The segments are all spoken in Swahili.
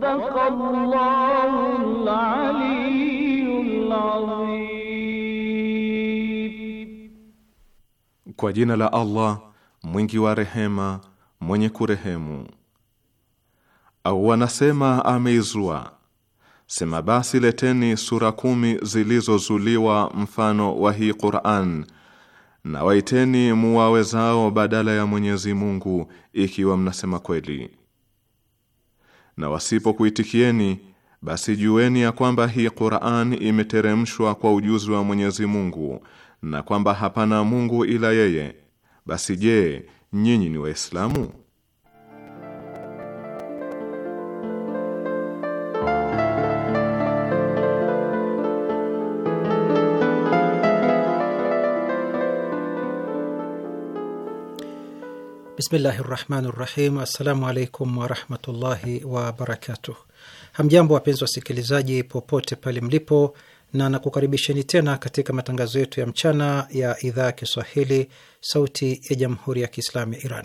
صدق الله العلي Kwa jina la Allah mwingi wa rehema mwenye kurehemu. Au wanasema ameizua. Sema basi leteni sura kumi zilizozuliwa mfano wa hii Qur'an na waiteni muwawezao badala ya Mwenyezi Mungu ikiwa mnasema kweli na wasipokuitikieni basi jueni ya kwamba hii Qur'an imeteremshwa kwa ujuzi wa Mwenyezi Mungu na kwamba hapana Mungu ila yeye. Basi je, nyinyi ni Waislamu? Bismillahi rahmani rahim. Assalamu alaikum warahmatullahi wabarakatuh. Hamjambo wapenzi wasikilizaji popote pale mlipo, na nakukaribisheni tena katika matangazo yetu ya mchana ya idhaa ya Kiswahili sauti ya jamhuri ya Kiislamu ya Iran.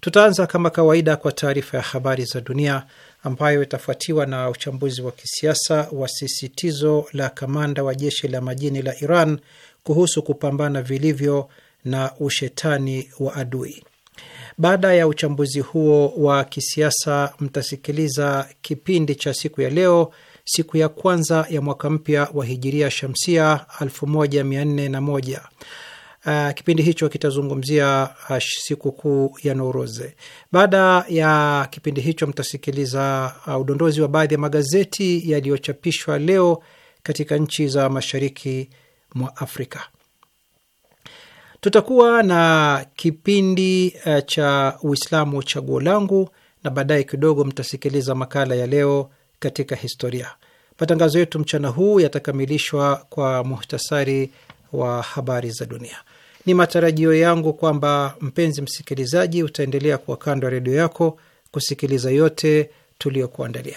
Tutaanza kama kawaida kwa taarifa ya habari za dunia ambayo itafuatiwa na uchambuzi wa kisiasa wa sisitizo la kamanda wa jeshi la majini la Iran kuhusu kupambana vilivyo na ushetani wa adui. Baada ya uchambuzi huo wa kisiasa, mtasikiliza kipindi cha siku ya leo, siku ya kwanza ya mwaka mpya wa hijiria shamsia 1401. Uh, kipindi hicho kitazungumzia uh, sikukuu ya Nouroze. Baada ya kipindi hicho mtasikiliza uh, udondozi wa baadhi ya magazeti yaliyochapishwa leo katika nchi za mashariki mwa Afrika. Tutakuwa na kipindi eh, cha Uislamu chaguo langu, na baadaye kidogo mtasikiliza makala ya leo katika historia. Matangazo yetu mchana huu yatakamilishwa kwa muhtasari wa habari za dunia. Ni matarajio yangu kwamba mpenzi msikilizaji, utaendelea kuwa kando ya redio yako kusikiliza yote tuliyokuandalia.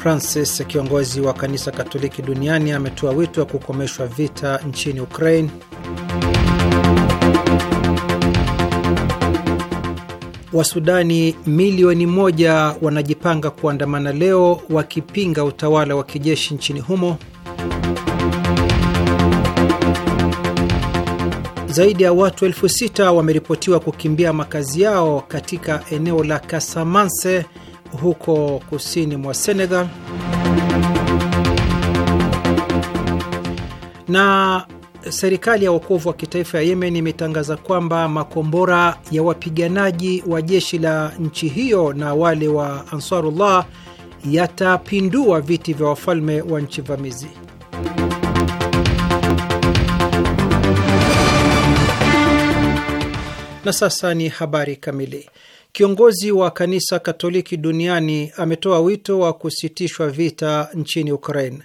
Francis, kiongozi wa kanisa Katoliki duniani, ametoa wito wa kukomeshwa vita nchini Ukraine. Wasudani milioni moja wanajipanga kuandamana leo wakipinga utawala wa kijeshi nchini humo. Zaidi ya watu elfu sita wameripotiwa kukimbia makazi yao katika eneo la Kasamanse huko kusini mwa Senegal, na serikali ya wokovu wa kitaifa ya Yemen imetangaza kwamba makombora ya wapiganaji wa jeshi la nchi hiyo na wale wa Ansarullah yatapindua viti vya wafalme wa nchi vamizi. Na sasa ni habari kamili. Kiongozi wa kanisa Katoliki duniani ametoa wito wa kusitishwa vita nchini Ukraine.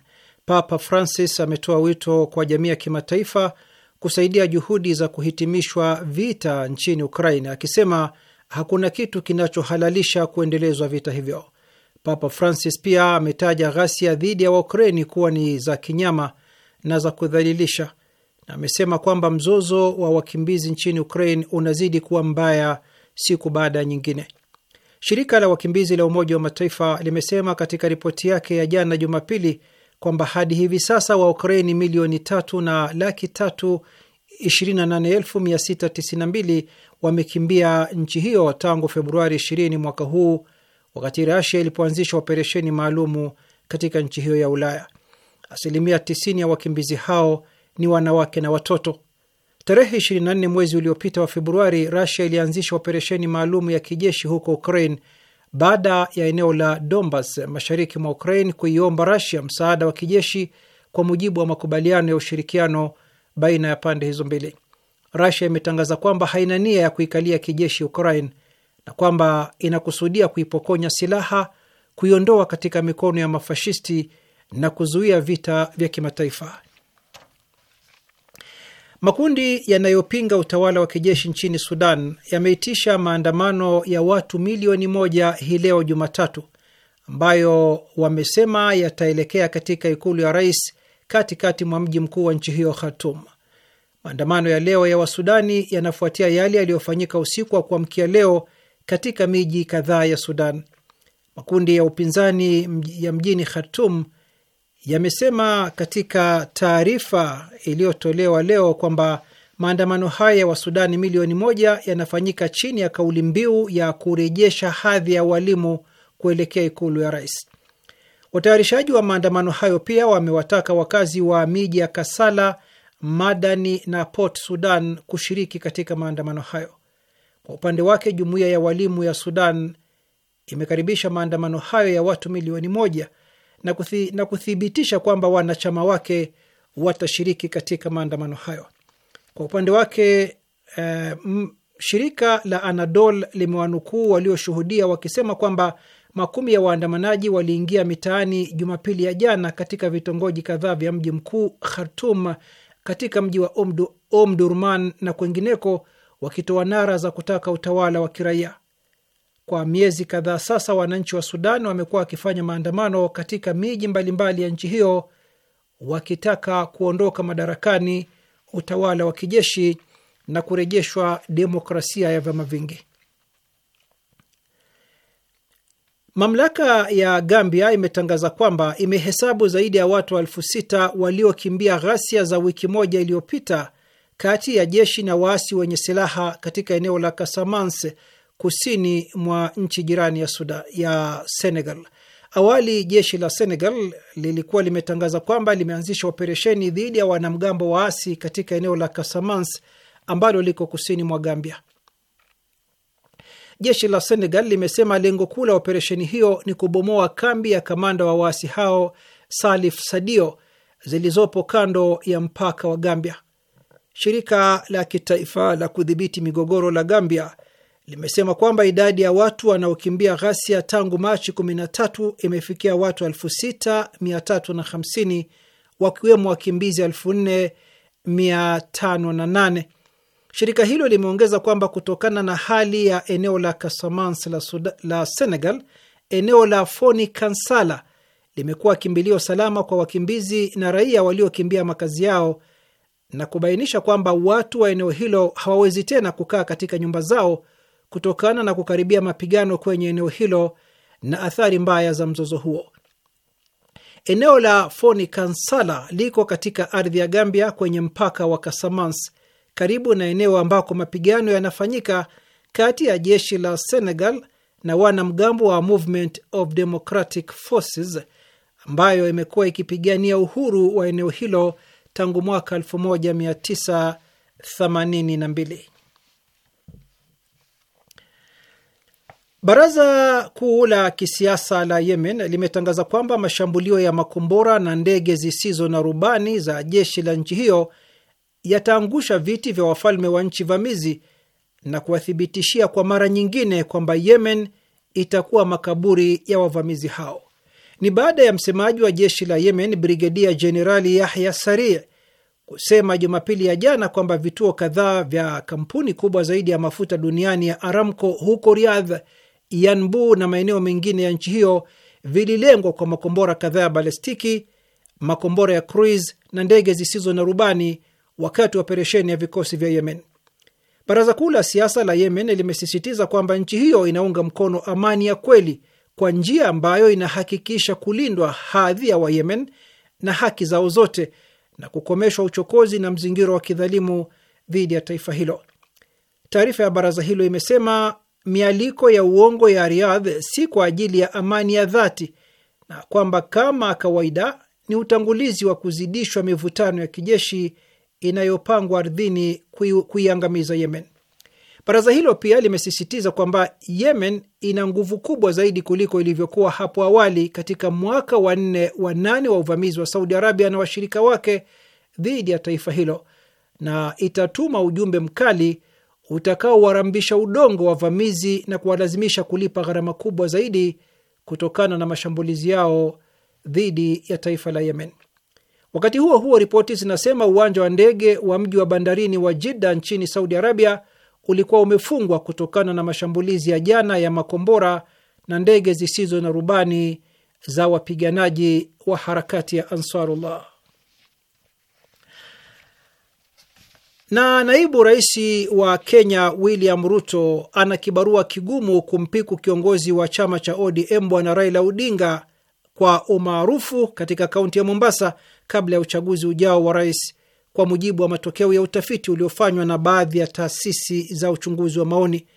Papa Francis ametoa wito kwa jamii ya kimataifa kusaidia juhudi za kuhitimishwa vita nchini Ukraine, akisema hakuna kitu kinachohalalisha kuendelezwa vita hivyo. Papa Francis pia ametaja ghasia dhidi ya waukraini kuwa ni za kinyama na za kudhalilisha, na amesema kwamba mzozo wa wakimbizi nchini Ukraine unazidi kuwa mbaya siku baada ya nyingine. Shirika la wakimbizi la Umoja wa Mataifa limesema katika ripoti yake ya jana Jumapili kwamba hadi hivi sasa wa ukraini milioni tatu na laki tatu 28692 wamekimbia nchi hiyo tangu Februari 20 mwaka huu wakati Rasia ilipoanzisha operesheni maalumu katika nchi hiyo ya Ulaya. Asilimia 90 ya wakimbizi hao ni wanawake na watoto. Tarehe 24 mwezi uliopita wa Februari, Rasia ilianzisha operesheni maalum ya kijeshi huko Ukraine baada ya eneo la Donbas mashariki mwa Ukraine kuiomba Rasia msaada wa kijeshi kwa mujibu wa makubaliano ya ushirikiano baina ya pande hizo mbili. Rasia imetangaza kwamba haina nia ya kuikalia kijeshi Ukraine na kwamba inakusudia kuipokonya silaha, kuiondoa katika mikono ya mafashisti na kuzuia vita vya kimataifa. Makundi yanayopinga utawala wa kijeshi nchini Sudan yameitisha maandamano ya watu milioni moja hii leo Jumatatu, ambayo wamesema yataelekea katika ikulu ya rais katikati mwa mji mkuu wa nchi hiyo Khartoum. Maandamano ya leo ya Wasudani yanafuatia yale yaliyofanyika usiku wa kuamkia leo katika miji kadhaa ya Sudan. Makundi ya upinzani ya mjini Khartoum yamesema katika taarifa iliyotolewa leo kwamba maandamano haya wa sudani milioni moja yanafanyika chini ya kauli mbiu ya kurejesha hadhi ya walimu kuelekea ikulu ya rais. Watayarishaji wa maandamano hayo pia wamewataka wakazi wa miji ya Kasala, Madani na Port Sudan kushiriki katika maandamano hayo. Kwa upande wake, jumuiya ya walimu ya Sudan imekaribisha maandamano hayo ya watu milioni moja na, kuthi, na kuthibitisha kwamba wanachama wake watashiriki katika maandamano hayo. Kwa upande wake eh, shirika la Anadol limewanukuu walioshuhudia wakisema kwamba makumi ya waandamanaji waliingia mitaani Jumapili ya jana katika vitongoji kadhaa vya mji mkuu Khartum, katika mji wa Omdurman na kwengineko, wakitoa nara za kutaka utawala wa kiraia. Kwa miezi kadhaa sasa, wananchi wa Sudan wamekuwa wakifanya maandamano katika miji mbalimbali ya nchi hiyo wakitaka kuondoka madarakani utawala wa kijeshi na kurejeshwa demokrasia ya vyama vingi. Mamlaka ya Gambia imetangaza kwamba imehesabu zaidi ya watu elfu sita waliokimbia ghasia za wiki moja iliyopita kati ya jeshi na waasi wenye silaha katika eneo la Casamance kusini mwa nchi jirani ya, Sudan, ya Senegal. Awali jeshi la Senegal lilikuwa limetangaza kwamba limeanzisha operesheni dhidi ya wanamgambo waasi katika eneo la Casamance ambalo liko kusini mwa Gambia. Jeshi la Senegal limesema lengo kuu la operesheni hiyo ni kubomoa kambi ya kamanda wa waasi hao Salif Sadio zilizopo kando ya mpaka wa Gambia. Shirika la kitaifa la kudhibiti migogoro la Gambia limesema kwamba idadi ya watu wanaokimbia ghasia tangu Machi 13 imefikia watu 6350 wakiwemo wakimbizi 4508. Shirika hilo limeongeza kwamba kutokana na hali ya eneo la Casamance la, la Senegal, eneo la Foni Kansala limekuwa kimbilio salama kwa wakimbizi na raia waliokimbia makazi yao na kubainisha kwamba watu wa eneo hilo hawawezi tena kukaa katika nyumba zao kutokana na kukaribia mapigano kwenye eneo hilo na athari mbaya za mzozo huo. Eneo la Foni Kansala liko katika ardhi ya Gambia kwenye mpaka wa Kasamans, karibu na eneo ambako mapigano yanafanyika kati ya jeshi la Senegal na wanamgambo wa Movement of Democratic Forces ambayo imekuwa ikipigania uhuru wa eneo hilo tangu mwaka 1982. Baraza kuu la kisiasa la Yemen limetangaza kwamba mashambulio ya makombora na ndege zisizo na rubani za jeshi la nchi hiyo yataangusha viti vya wafalme wa nchi vamizi na kuwathibitishia kwa mara nyingine kwamba Yemen itakuwa makaburi ya wavamizi hao. Ni baada ya msemaji wa jeshi la Yemen Brigedia Jenerali Yahya Sari kusema Jumapili ya jana kwamba vituo kadhaa vya kampuni kubwa zaidi ya mafuta duniani ya Aramco huko Riadh Yanbu na maeneo mengine ya nchi hiyo vililengwa kwa makombora kadhaa ya balestiki, makombora ya cruise na ndege zisizo na rubani wakati wa operesheni ya vikosi vya Yemen. Baraza Kuu la Siasa la Yemen limesisitiza kwamba nchi hiyo inaunga mkono amani ya kweli kwa njia ambayo inahakikisha kulindwa hadhi ya Wayemen na haki zao zote na kukomeshwa uchokozi na mzingiro wa kidhalimu dhidi ya taifa hilo. Taarifa ya baraza hilo imesema mialiko ya uongo ya Riyadh si kwa ajili ya amani ya dhati na kwamba kama kawaida ni utangulizi wa kuzidishwa mivutano ya kijeshi inayopangwa ardhini kuiangamiza Yemen. Baraza hilo pia limesisitiza kwamba Yemen ina nguvu kubwa zaidi kuliko ilivyokuwa hapo awali katika mwaka wa nne wa nane wa uvamizi wa Saudi Arabia na washirika wake dhidi ya taifa hilo, na itatuma ujumbe mkali utakaowarambisha udongo wavamizi na kuwalazimisha kulipa gharama kubwa zaidi kutokana na mashambulizi yao dhidi ya taifa la Yemen. Wakati huo huo, ripoti zinasema uwanja wa ndege wa mji wa bandarini wa Jidda nchini Saudi Arabia ulikuwa umefungwa kutokana na mashambulizi ya jana ya makombora na ndege zisizo na rubani za wapiganaji wa harakati ya Ansarullah. Na naibu rais wa Kenya William Ruto ana kibarua kigumu kumpiku kiongozi wa chama cha ODM Bwana Raila Odinga kwa umaarufu katika kaunti ya Mombasa kabla ya uchaguzi ujao wa rais, kwa mujibu wa matokeo ya utafiti uliofanywa na baadhi ya taasisi za uchunguzi wa maoni.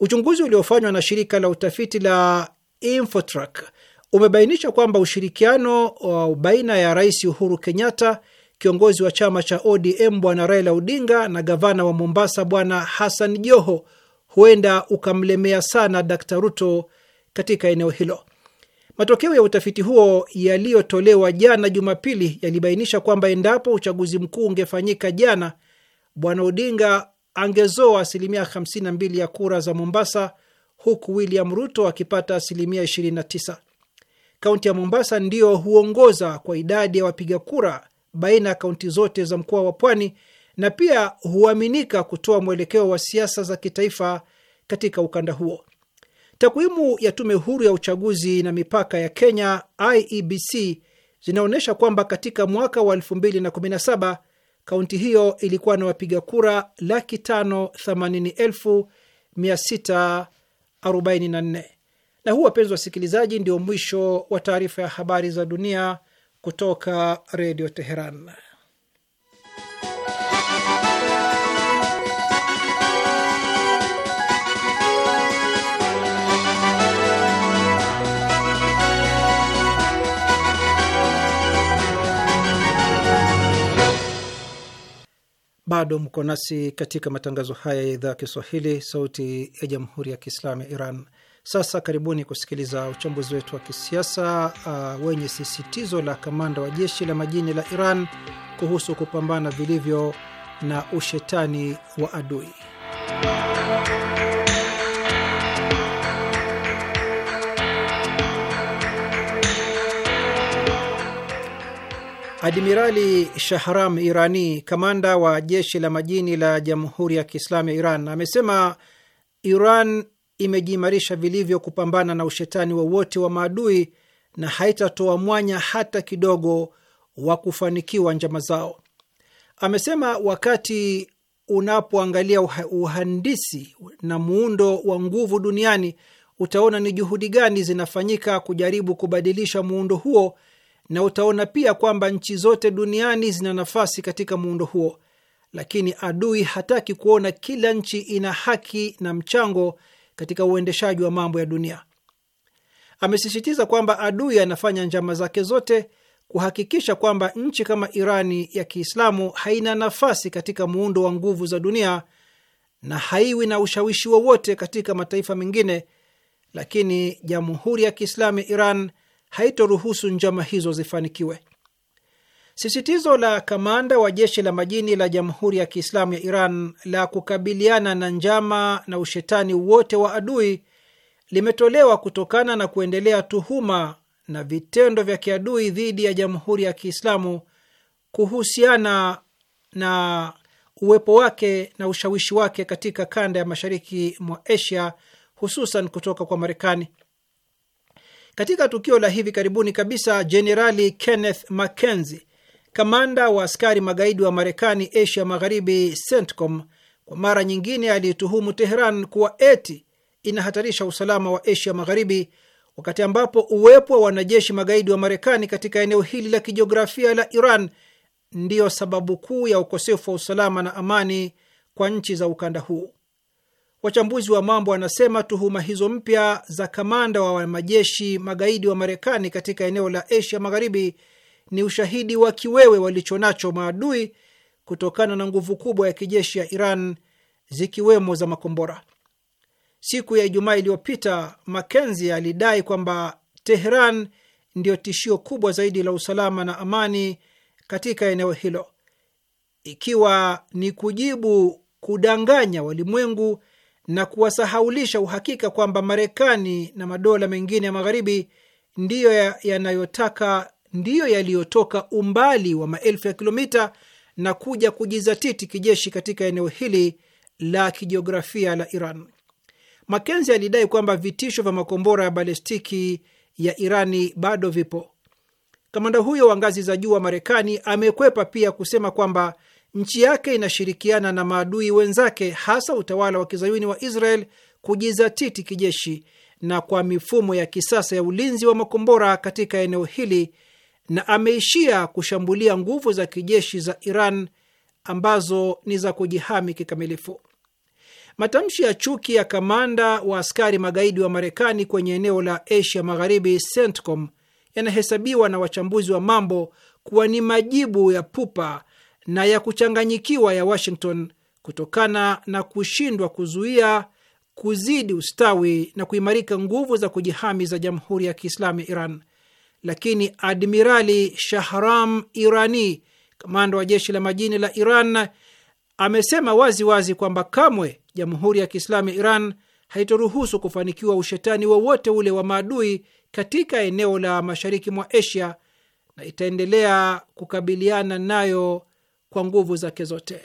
Uchunguzi uliofanywa na shirika la utafiti la Infotrack umebainisha kwamba ushirikiano uh, baina ya Rais Uhuru Kenyatta kiongozi wa chama cha ODM Bwana Raila Odinga na gavana wa Mombasa Bwana Hassan Joho huenda ukamlemea sana Dkt Ruto katika eneo hilo. Matokeo ya utafiti huo yaliyotolewa jana Jumapili yalibainisha kwamba endapo uchaguzi mkuu ungefanyika jana, Bwana Odinga angezoa asilimia 52 ya kura za Mombasa, huku William Ruto akipata asilimia 29. Kaunti ya Mombasa ndiyo huongoza kwa idadi ya wapiga kura baina ya kaunti zote za mkoa wa Pwani na pia huaminika kutoa mwelekeo wa siasa za kitaifa katika ukanda huo. Takwimu ya Tume Huru ya Uchaguzi na Mipaka ya Kenya, IEBC, zinaonyesha kwamba katika mwaka wa 2017 kaunti hiyo ilikuwa na wapiga kura laki tano na Na huu, wapenzi wasikilizaji, ndio mwisho wa taarifa ya habari za dunia kutoka Redio Teheran. Bado mko nasi katika matangazo haya ya idhaa ya Kiswahili, sauti ya jamhuri ya kiislamu ya Iran. Sasa karibuni kusikiliza uchambuzi wetu wa kisiasa uh, wenye sisitizo la kamanda wa jeshi la majini la Iran kuhusu kupambana vilivyo na ushetani wa adui. Admirali Shahram Irani, kamanda wa jeshi la majini la Jamhuri ya Kiislamu ya Iran, amesema Iran imejiimarisha vilivyo kupambana na ushetani wowote wa, wa maadui na haitatoa mwanya hata kidogo wa kufanikiwa njama zao. Amesema wakati unapoangalia uhandisi na muundo wa nguvu duniani utaona ni juhudi gani zinafanyika kujaribu kubadilisha muundo huo, na utaona pia kwamba nchi zote duniani zina nafasi katika muundo huo, lakini adui hataki kuona kila nchi ina haki na mchango katika uendeshaji wa mambo ya dunia. Amesisitiza kwamba adui anafanya njama zake zote kuhakikisha kwamba nchi kama Irani ya Kiislamu haina nafasi katika muundo wa nguvu za dunia na haiwi na ushawishi wowote katika mataifa mengine, lakini Jamhuri ya Kiislamu ya Iran haitoruhusu njama hizo zifanikiwe. Sisitizo la kamanda wa jeshi la majini la Jamhuri ya Kiislamu ya Iran la kukabiliana na njama na ushetani wote wa adui limetolewa kutokana na kuendelea tuhuma na vitendo vya kiadui dhidi ya Jamhuri ya Kiislamu kuhusiana na uwepo wake na ushawishi wake katika kanda ya mashariki mwa Asia, hususan kutoka kwa Marekani. Katika tukio la hivi karibuni kabisa, Jenerali Kenneth Mackenzie, kamanda wa askari magaidi wa Marekani Asia Magharibi, CENTCOM, kwa mara nyingine aliyetuhumu Teheran kuwa eti inahatarisha usalama wa Asia Magharibi, wakati ambapo uwepo wa wanajeshi magaidi wa Marekani katika eneo hili la kijiografia la Iran ndiyo sababu kuu ya ukosefu wa usalama na amani kwa nchi za ukanda huu. Wachambuzi wa mambo wanasema tuhuma hizo mpya za kamanda wa majeshi magaidi wa Marekani katika eneo la Asia Magharibi ni ushahidi wa kiwewe walichonacho maadui kutokana na nguvu kubwa ya kijeshi ya Iran zikiwemo za makombora. Siku ya Ijumaa iliyopita, Makenzi alidai kwamba Tehran ndiyo tishio kubwa zaidi la usalama na amani katika eneo hilo, ikiwa ni kujibu kudanganya walimwengu na kuwasahaulisha uhakika kwamba Marekani na madola mengine ya magharibi ndiyo yanayotaka ndiyo yaliyotoka umbali wa maelfu ya kilomita na kuja kujizatiti kijeshi katika eneo hili la kijiografia la Iran. Makenzi alidai kwamba vitisho vya makombora ya balestiki ya Irani bado vipo. Kamanda huyo wa ngazi za juu wa Marekani amekwepa pia kusema kwamba nchi yake inashirikiana na maadui wenzake, hasa utawala wa kizayuni wa Israel kujizatiti kijeshi na kwa mifumo ya kisasa ya ulinzi wa makombora katika eneo hili na ameishia kushambulia nguvu za kijeshi za Iran ambazo ni za kujihami kikamilifu. Matamshi ya chuki ya kamanda wa askari magaidi wa Marekani kwenye eneo la Asia Magharibi, CENTCOM, yanahesabiwa na wachambuzi wa mambo kuwa ni majibu ya pupa na ya kuchanganyikiwa ya Washington kutokana na kushindwa kuzuia kuzidi ustawi na kuimarika nguvu za kujihami za Jamhuri ya Kiislamu ya Iran lakini Admirali Shahram Irani, kamanda wa jeshi la majini la Iran, amesema wazi wazi kwamba kamwe Jamhuri ya Kiislamu ya Iran haitoruhusu kufanikiwa ushetani wowote ule wa maadui katika eneo la mashariki mwa Asia na itaendelea kukabiliana nayo kwa nguvu zake zote.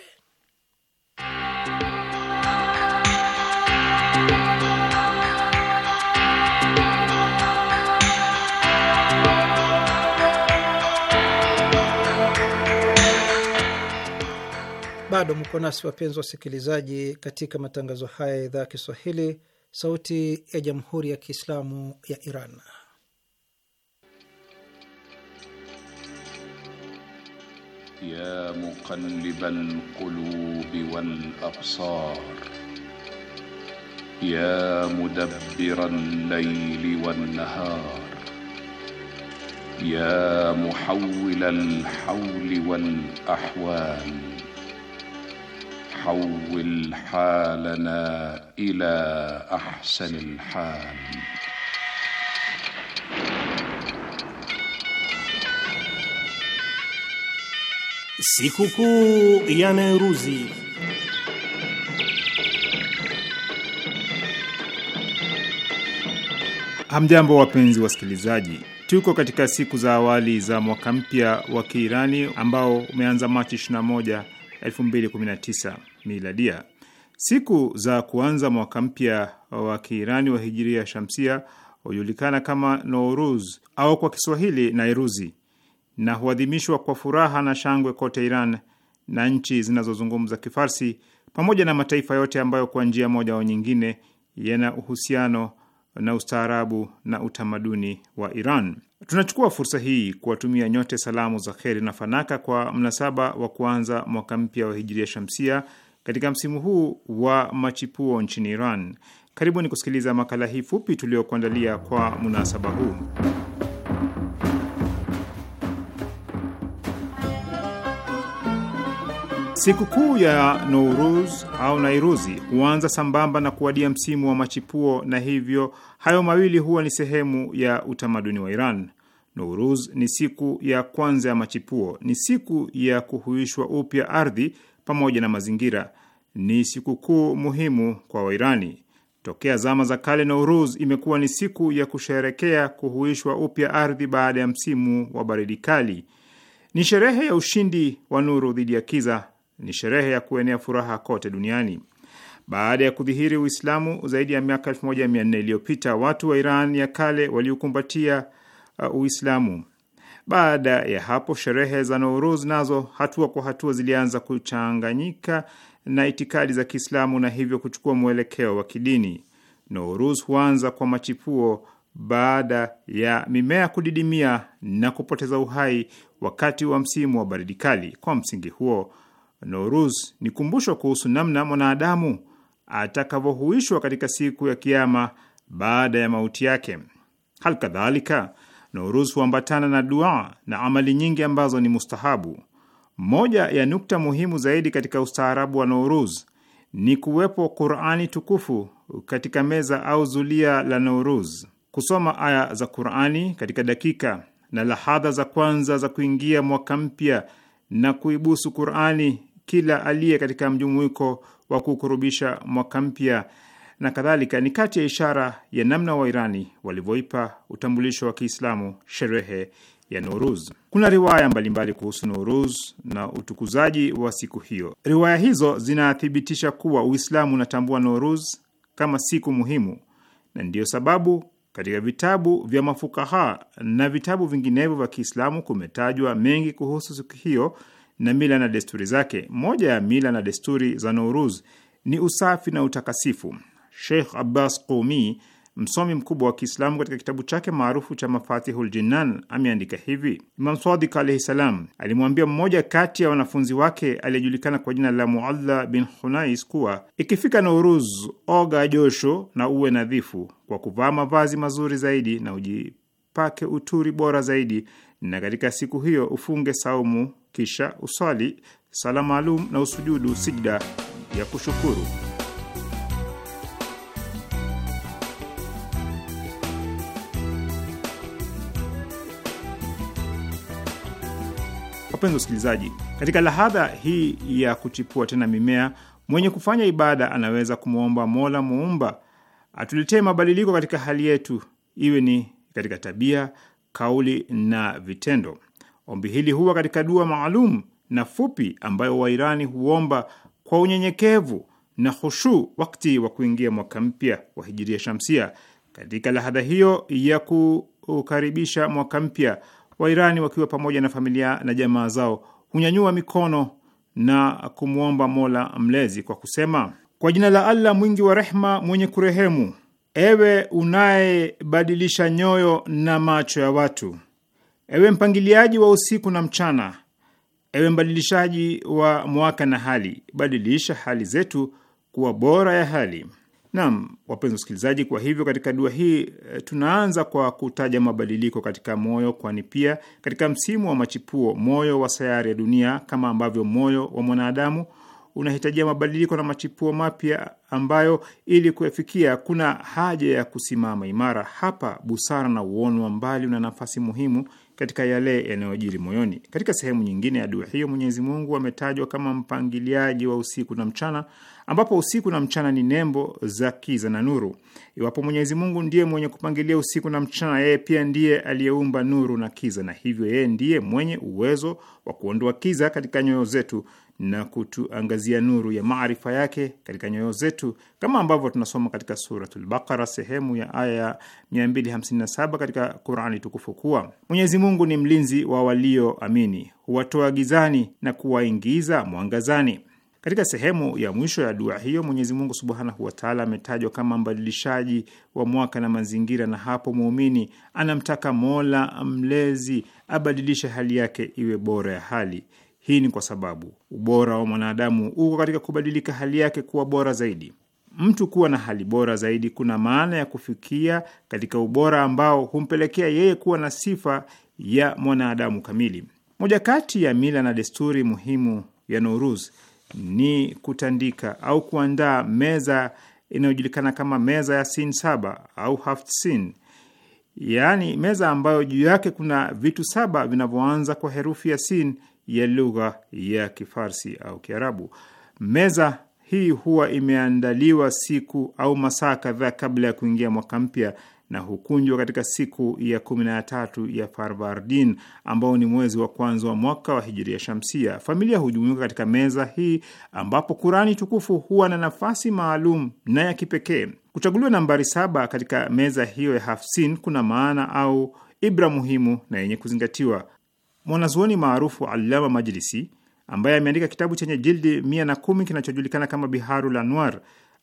Bado mko nasi wapenzi wasikilizaji, katika matangazo haya ya idhaa ya Kiswahili, sauti ya jamhuri ya kiislamu ya Iran. Ya muqallibal qulubi wal absar ya mudabbiral layli wan nahar ya muhawwilal hawli wal ahwal حول حالنا إلى أحسن الحال Sikukuu ya Nairuzi. Hamjambo wapenzi wasikilizaji. Tuko katika siku za awali za mwaka mpya wa Kiirani ambao umeanza Machi 21, 2019 miladia. Siku za kuanza mwaka mpya wa Kiirani wa hijiria shamsia hujulikana kama Nouruz au kwa Kiswahili Nairuzi, na huadhimishwa kwa furaha na shangwe kote Iran na nchi zinazozungumza Kifarsi pamoja na mataifa yote ambayo kwa njia moja au nyingine yana uhusiano na ustaarabu na utamaduni wa Iran. Tunachukua fursa hii kuwatumia nyote salamu za kheri na fanaka kwa mnasaba wa kuanza mwaka mpya wa hijiria shamsia katika msimu huu wa machipuo nchini Iran. Karibuni kusikiliza makala hii fupi tuliyokuandalia kwa munasaba huu. Sikukuu ya Nouruz au Nairuzi huanza sambamba na kuwadia msimu wa machipuo, na hivyo hayo mawili huwa ni sehemu ya utamaduni wa Iran. Nouruz ni siku ya kwanza ya machipuo, ni siku ya kuhuishwa upya ardhi pamoja na mazingira ni sikukuu muhimu kwa Wairani. Tokea zama za kale Nowruz imekuwa ni siku ya kusherekea kuhuishwa upya ardhi baada ya msimu wa baridi kali. Ni sherehe ya ushindi wa nuru dhidi ya kiza, ni sherehe ya kuenea furaha kote duniani. Baada ya kudhihiri Uislamu zaidi ya miaka 1400 iliyopita, watu wa Iran ya kale waliokumbatia uh, Uislamu baada ya hapo, sherehe za Nowruz nazo hatua kwa hatua zilianza kuchanganyika na itikadi za Kiislamu na hivyo kuchukua mwelekeo wa kidini. Nowruz huanza kwa machipuo baada ya mimea kudidimia na kupoteza uhai wakati wa msimu wa baridi kali. Kwa msingi huo, Nowruz ni kumbusho kuhusu namna mwanadamu atakavyohuishwa katika siku ya Kiama baada ya mauti yake. Hal kadhalika Nowruz huambatana na dua na amali nyingi ambazo ni mustahabu. Moja ya nukta muhimu zaidi katika ustaarabu wa nouruz ni kuwepo Qurani tukufu katika meza au zulia la nouruz Kusoma aya za Qurani katika dakika na lahadha za kwanza za kuingia mwaka mpya na kuibusu Qurani kila aliye katika mjumuiko wa kukurubisha mwaka mpya na kadhalika ni kati ya ishara ya namna Wairani walivyoipa utambulisho wa Kiislamu sherehe ya Nuruz. Kuna riwaya mbalimbali mbali kuhusu Nuruz na utukuzaji wa siku hiyo. Riwaya hizo zinathibitisha kuwa Uislamu unatambua Nuruz kama siku muhimu, na ndiyo sababu katika vitabu vya mafukaha na vitabu vinginevyo vya Kiislamu kumetajwa mengi kuhusu siku hiyo na mila na desturi zake. Moja ya mila na desturi za Nuruz ni usafi na utakasifu. Sheikh Abbas Qumi, msomi mkubwa wa Kiislamu, katika kitabu chake maarufu cha Mafatihul Jinan ameandika hivi: Imam Sadik alaihi salam alimwambia mmoja kati ya wanafunzi wake aliyejulikana kwa jina la mualla bin Hunais kuwa ikifika nouruz oga josho na uwe nadhifu kwa kuvaa mavazi mazuri zaidi na ujipake uturi bora zaidi, na katika siku hiyo ufunge saumu, kisha uswali sala maalum na usujudu sijda ya kushukuru. wapenzi wasikilizaji, katika lahadha hii ya kuchipua tena mimea, mwenye kufanya ibada anaweza kumwomba Mola muumba atuletee mabadiliko katika hali yetu, iwe ni katika tabia, kauli na vitendo. Ombi hili huwa katika dua maalum na fupi ambayo Wairani huomba kwa unyenyekevu na hushuu wakati wa kuingia mwaka mpya wa hijiria shamsia. Katika lahadha hiyo ya kukaribisha mwaka mpya Wairani wakiwa pamoja na familia na jamaa zao hunyanyua mikono na kumwomba Mola mlezi kwa kusema: kwa jina la Allah mwingi wa rehma, mwenye kurehemu, ewe unayebadilisha nyoyo na macho ya watu, ewe mpangiliaji wa usiku na mchana, ewe mbadilishaji wa mwaka na hali, badilisha hali zetu kuwa bora ya hali. Naam, wapenzi wasikilizaji, kwa hivyo katika dua hii eh, tunaanza kwa kutaja mabadiliko katika moyo, kwani pia katika msimu wa machipuo moyo wa sayari ya dunia, kama ambavyo moyo wa mwanadamu unahitajia mabadiliko na machipuo mapya ambayo ili kuyafikia kuna haja ya kusimama imara. Hapa busara na uono wa mbali una nafasi muhimu katika yale yanayojiri moyoni. Katika sehemu nyingine ya dua hiyo, Mwenyezi Mungu ametajwa kama mpangiliaji wa usiku na mchana, ambapo usiku na mchana ni nembo za kiza na nuru. Iwapo Mwenyezi Mungu ndiye mwenye kupangilia usiku na mchana, yeye pia ndiye aliyeumba nuru na kiza, na hivyo yeye ndiye mwenye uwezo wa kuondoa kiza katika nyoyo zetu na kutuangazia nuru ya maarifa yake katika nyoyo zetu, kama ambavyo tunasoma katika Suratul Baqara sehemu ya aya ya 257 katika Qurani tukufu kuwa Mwenyezi Mungu ni mlinzi wa walioamini, huwatoa gizani na kuwaingiza mwangazani. Katika sehemu ya mwisho ya dua hiyo Mwenyezi Mungu subhanahu wataala ametajwa kama mbadilishaji wa mwaka na mazingira, na hapo muumini anamtaka Mola mlezi abadilishe hali yake iwe bora ya hali hii ni kwa sababu ubora wa mwanadamu uko katika kubadilika hali yake kuwa bora zaidi. Mtu kuwa na hali bora zaidi kuna maana ya kufikia katika ubora ambao humpelekea yeye kuwa na sifa ya mwanadamu kamili. Moja kati ya mila na desturi muhimu ya Nowruz ni kutandika au kuandaa meza inayojulikana kama meza ya sin saba au haft yaani meza ambayo juu yake kuna vitu saba vinavyoanza kwa herufi ya sin ya lugha ya Kifarsi au Kiarabu. Meza hii huwa imeandaliwa siku au masaa kadhaa kabla ya kuingia mwaka mpya na hukunjwa katika siku ya kumi na tatu ya Farvardin ambao ni mwezi wa kwanza wa mwaka wa hijiria shamsia. Familia hujumuika katika meza hii ambapo Kurani tukufu huwa na nafasi maalum na ya kipekee. Kuchaguliwa nambari saba katika meza hiyo ya Hafsin kuna maana au ibra muhimu na yenye kuzingatiwa. Mwanazuoni maarufu Allama Majlisi ambaye ameandika kitabu chenye jildi mia na kumi kinachojulikana kama Biharul Anwar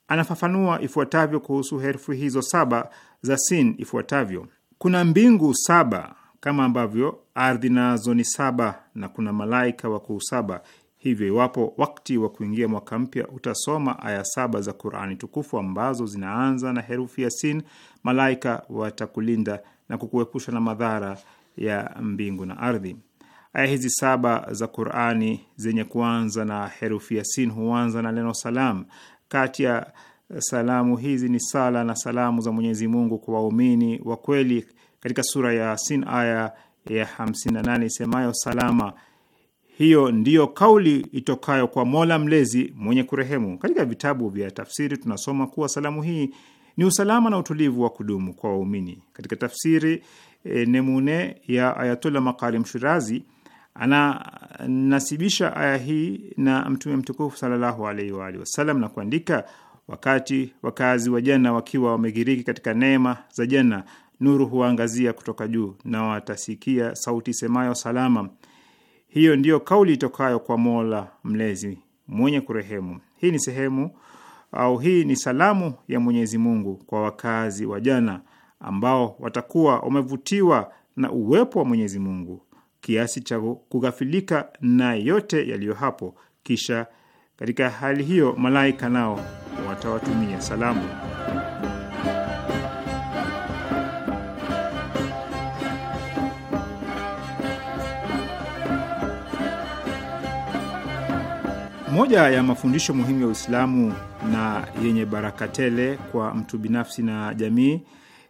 anafafanua ifuatavyo kuhusu herufi hizo saba za sin ifuatavyo: kuna mbingu saba kama ambavyo ardhi nazo ni saba, na kuna malaika wakuu saba. Hivyo iwapo wakti wa kuingia mwaka mpya utasoma aya saba za Qurani tukufu ambazo zinaanza na herufi ya sin, malaika watakulinda na kukuepusha na madhara ya mbingu na ardhi. Aya hizi saba za Qurani zenye kuanza na herufi ya sin huanza na neno salam. Kati ya salamu hizi ni sala na salamu za Mwenyezi Mungu kwa waumini wa kweli katika sura ya Sin aya ya 58 isemayo salama. Hiyo ndiyo kauli itokayo kwa Mola Mlezi mwenye kurehemu. Katika vitabu vya tafsiri tunasoma kuwa salamu hii ni usalama na utulivu wa kudumu kwa waumini. Katika tafsiri e, Nemune ya Ayatullah Makarim Shirazi Ananasibisha aya hii na Mtume mtukufu sallallahu alaihi wa alihi wasallam na kuandika, wakati wakazi wa Janna wakiwa wamegiriki katika neema za Janna, nuru huwaangazia kutoka juu na watasikia sauti semayo salama. Hiyo ndiyo kauli itokayo kwa Mola Mlezi mwenye kurehemu. Hii ni sehemu au hii ni salamu ya Mwenyezi Mungu kwa wakazi wa Janna ambao watakuwa wamevutiwa na uwepo wa Mwenyezi Mungu kiasi cha kughafilika na yote yaliyo hapo. Kisha katika hali hiyo malaika nao watawatumia salamu. Moja ya mafundisho muhimu ya Uislamu na yenye baraka tele kwa mtu binafsi na jamii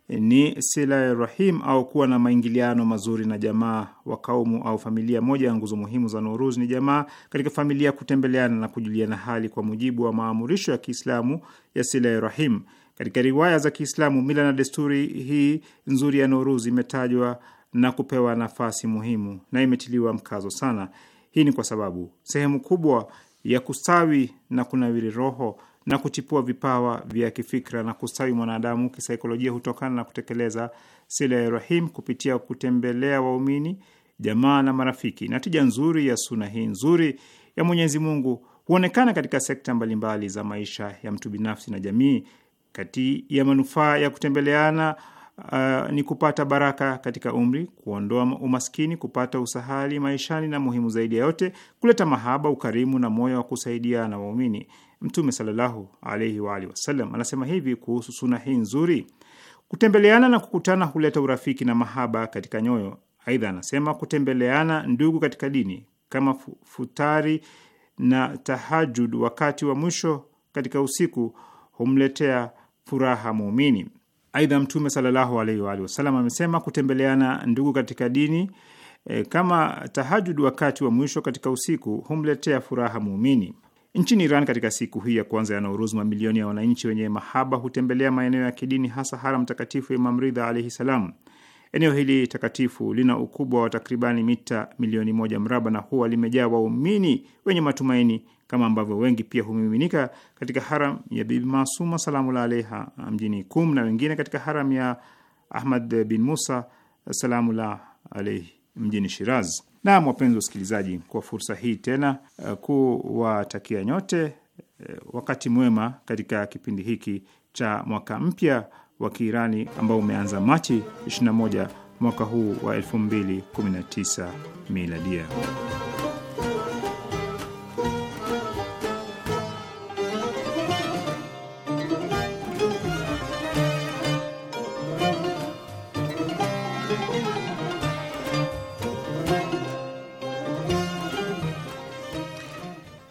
ni sila ya rahim au kuwa na maingiliano mazuri na jamaa wa kaumu au familia. Moja ya nguzo muhimu za Nuruz ni jamaa katika familia, kutembeleana na kujuliana hali kwa mujibu wa maamurisho ya Kiislamu ya sila ya rahim. Katika riwaya za Kiislamu, mila na desturi hii nzuri ya Nuruz imetajwa na kupewa nafasi muhimu na imetiliwa mkazo sana. Hii ni kwa sababu sehemu kubwa ya kustawi na kunawiri roho na kuchipua vipawa vya kifikra na kustawi mwanadamu kisaikolojia hutokana na kutekeleza sila ya Rahim kupitia kutembelea waumini, jamaa na marafiki. Na tija nzuri ya suna hii nzuri ya Mwenyezi Mungu huonekana katika sekta mbalimbali za maisha ya mtu binafsi na jamii. Kati ya manufaa ya kutembeleana uh, ni kupata baraka katika umri, kuondoa umaskini, kupata usahali maishani, na muhimu zaidi ya yote, kuleta mahaba, ukarimu na moyo wa kusaidia na waumini. Mtume sallallahu alaihi wa alihi wasallam anasema hivi kuhusu suna hii nzuri: kutembeleana na kukutana huleta urafiki na mahaba katika nyoyo. Aidha anasema kutembeleana ndugu katika dini kama futari na tahajud wakati wa mwisho katika usiku humletea furaha muumini. Aidha, Mtume sallallahu alaihi wa alihi wasallam amesema kutembeleana ndugu katika dini e, kama tahajud wakati wa mwisho katika usiku humletea furaha muumini. Nchini Iran, katika siku hii ya kwanza ya Nauruz, mamilioni ya wananchi wenye mahaba hutembelea maeneo ya kidini, hasa haram takatifu ya Imam Ridha alaihi salam. Eneo hili takatifu lina ukubwa wa takribani mita milioni moja mraba na huwa limejaa waumini wenye matumaini, kama ambavyo wengi pia humiminika katika haram ya Bibi Masuma salamullah alaiha mjini Kum na wengine katika haram ya Ahmad bin Musa salamullah alaihi mjini Shiraz. Naam, wapenzi wasikilizaji, kwa fursa hii tena eh, kuwatakia nyote eh, wakati mwema katika kipindi hiki cha mwaka mpya wa Kiirani ambao umeanza Machi 21 mwaka huu wa 2019 miladia.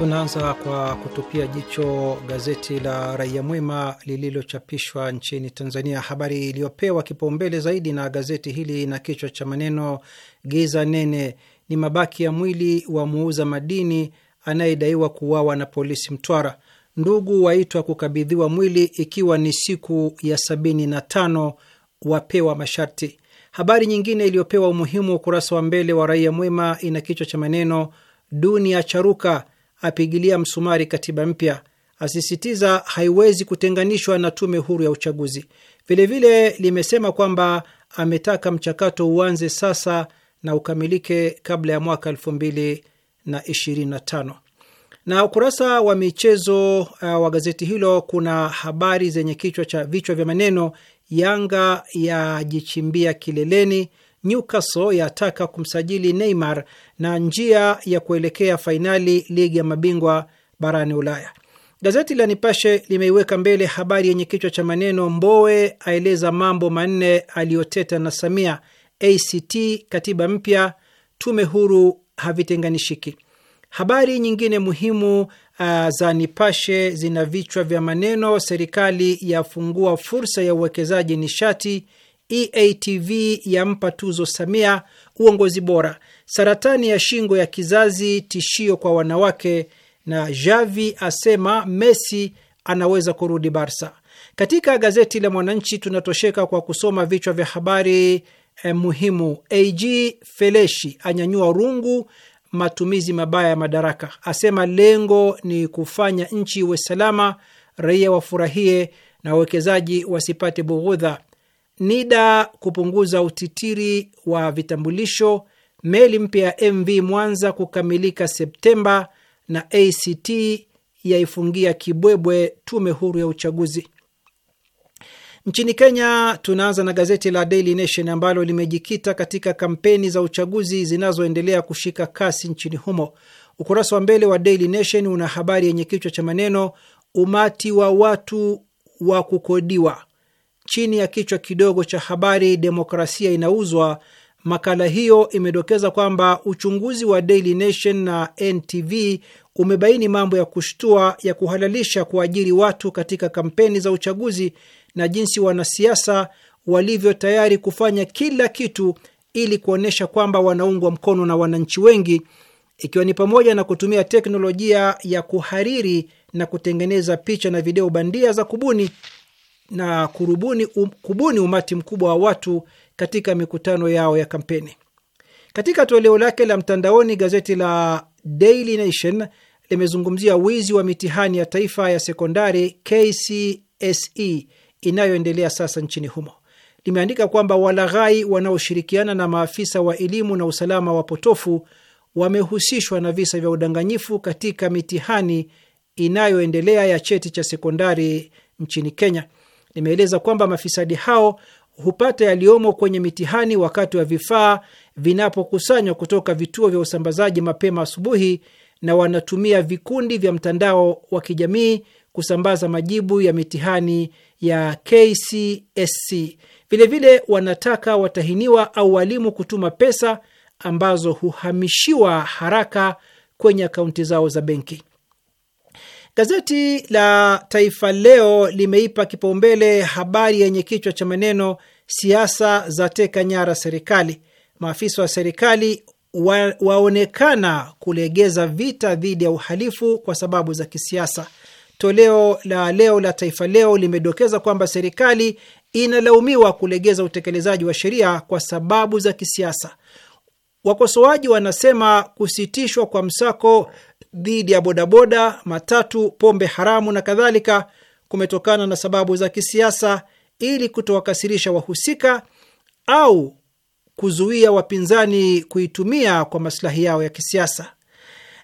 Tunaanza kwa kutupia jicho gazeti la Raia Mwema lililochapishwa nchini Tanzania. Habari iliyopewa kipaumbele zaidi na gazeti hili na kichwa cha maneno giza nene ni mabaki ya mwili wa muuza madini anayedaiwa kuuawa na polisi Mtwara. Ndugu waitwa kukabidhiwa mwili ikiwa ni siku ya sabini na tano, wapewa masharti. Habari nyingine iliyopewa umuhimu ukurasa wa mbele wa Raia Mwema ina kichwa cha maneno duni ya charuka apigilia msumari katiba mpya, asisitiza haiwezi kutenganishwa na tume huru ya uchaguzi. Vilevile limesema kwamba ametaka mchakato uanze sasa na ukamilike kabla ya mwaka elfu mbili na ishirini na tano. Na ukurasa wa michezo uh, wa gazeti hilo kuna habari zenye kichwa cha vichwa vya maneno Yanga yajichimbia kileleni, Newcastle yataka kumsajili Neymar na njia ya kuelekea fainali ligi ya mabingwa barani Ulaya. Gazeti la Nipashe limeiweka mbele habari yenye kichwa cha maneno Mbowe aeleza mambo manne aliyoteta na Samia, ACT katiba mpya, tume huru havitenganishiki. Habari nyingine muhimu uh, za Nipashe zina vichwa vya maneno serikali yafungua fursa ya uwekezaji nishati, EATV yampa tuzo Samia uongozi bora, saratani ya shingo ya kizazi tishio kwa wanawake, na Javi asema Messi anaweza kurudi Barca. Katika gazeti la Mwananchi tunatosheka kwa kusoma vichwa vya habari eh, muhimu. AG Feleshi anyanyua rungu matumizi mabaya ya madaraka, asema lengo ni kufanya nchi iwe salama, raia wafurahie na wawekezaji wasipate bughudha. NIDA kupunguza utitiri wa vitambulisho, meli mpya ya MV Mwanza kukamilika Septemba, na ACT yaifungia kibwebwe tume huru ya uchaguzi. Nchini Kenya tunaanza na gazeti la Daily Nation ambalo limejikita katika kampeni za uchaguzi zinazoendelea kushika kasi nchini humo. Ukurasa wa mbele wa Daily Nation una habari yenye kichwa cha maneno umati wa watu wa kukodiwa chini ya kichwa kidogo cha habari demokrasia inauzwa, makala hiyo imedokeza kwamba uchunguzi wa Daily Nation na NTV umebaini mambo ya kushtua ya kuhalalisha kuajiri watu katika kampeni za uchaguzi na jinsi wanasiasa walivyo tayari kufanya kila kitu ili kuonyesha kwamba wanaungwa mkono na wananchi wengi, ikiwa ni pamoja na kutumia teknolojia ya kuhariri na kutengeneza picha na video bandia za kubuni na kurubuni um, kubuni umati mkubwa wa watu katika mikutano yao ya kampeni. Katika toleo lake la mtandaoni, gazeti la Daily Nation limezungumzia wizi wa mitihani ya taifa ya sekondari KCSE inayoendelea sasa nchini humo. Limeandika kwamba walaghai wanaoshirikiana na maafisa wa elimu na usalama wa potofu wamehusishwa na visa vya udanganyifu katika mitihani inayoendelea ya cheti cha sekondari nchini Kenya limeeleza kwamba mafisadi hao hupata yaliyomo kwenye mitihani wakati wa vifaa vinapokusanywa kutoka vituo vya usambazaji mapema asubuhi, na wanatumia vikundi vya mtandao wa kijamii kusambaza majibu ya mitihani ya kcsc Vilevile wanataka watahiniwa au walimu kutuma pesa ambazo huhamishiwa haraka kwenye akaunti zao za benki. Gazeti la Taifa Leo limeipa kipaumbele habari yenye kichwa cha maneno siasa za teka nyara serikali, maafisa wa serikali wa, waonekana kulegeza vita dhidi ya uhalifu kwa sababu za kisiasa. Toleo la leo la Taifa Leo limedokeza kwamba serikali inalaumiwa kulegeza utekelezaji wa sheria kwa sababu za kisiasa. Wakosoaji wanasema kusitishwa kwa msako dhidi ya bodaboda, matatu, pombe haramu na kadhalika kumetokana na sababu za kisiasa ili kutowakasirisha wahusika au kuzuia wapinzani kuitumia kwa maslahi yao ya kisiasa.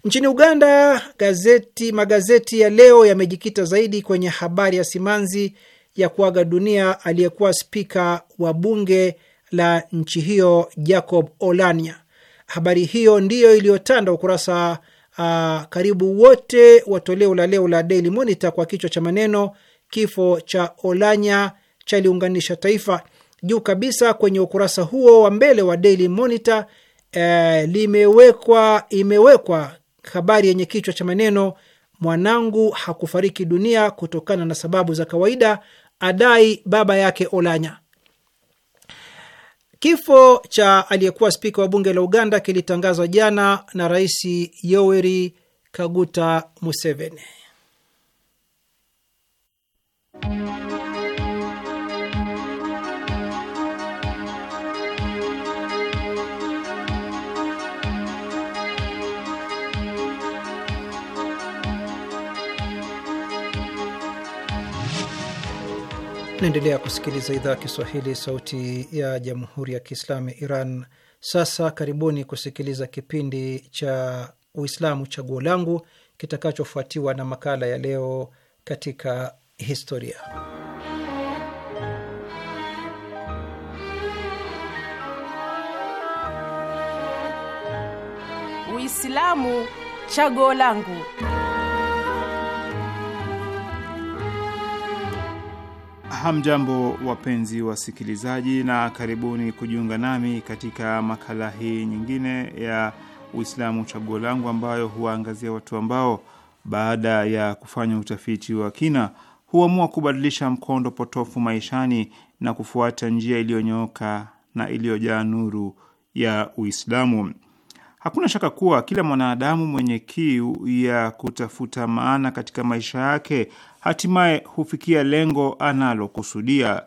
Nchini Uganda, gazeti magazeti ya leo yamejikita zaidi kwenye habari ya simanzi ya kuaga dunia aliyekuwa spika wa bunge la nchi hiyo Jacob Olania. Habari hiyo ndiyo iliyotanda ukurasa uh, karibu wote wa toleo la leo la Daily Monitor kwa kichwa cha maneno kifo cha Olanya chaliunganisha taifa. Juu kabisa kwenye ukurasa huo wa mbele wa Daily Monitor eh, limewekwa imewekwa habari yenye kichwa cha maneno mwanangu hakufariki dunia kutokana na sababu za kawaida, adai baba yake Olanya. Kifo cha aliyekuwa spika wa bunge la Uganda kilitangazwa jana na Rais Yoweri Kaguta Museveni. Naendelea kusikiliza idhaa ya Kiswahili, sauti ya jamhuri ya kiislamu ya Iran. Sasa karibuni kusikiliza kipindi cha Uislamu chaguo langu kitakachofuatiwa na makala ya leo katika historia. Uislamu chaguo langu. Hamjambo, wapenzi wasikilizaji, na karibuni kujiunga nami katika makala hii nyingine ya Uislamu Chaguo Langu, ambayo huwaangazia watu ambao baada ya kufanya utafiti wa kina huamua kubadilisha mkondo potofu maishani na kufuata njia iliyonyooka na iliyojaa nuru ya Uislamu. Hakuna shaka kuwa kila mwanadamu mwenye kiu ya kutafuta maana katika maisha yake hatimaye hufikia lengo analokusudia.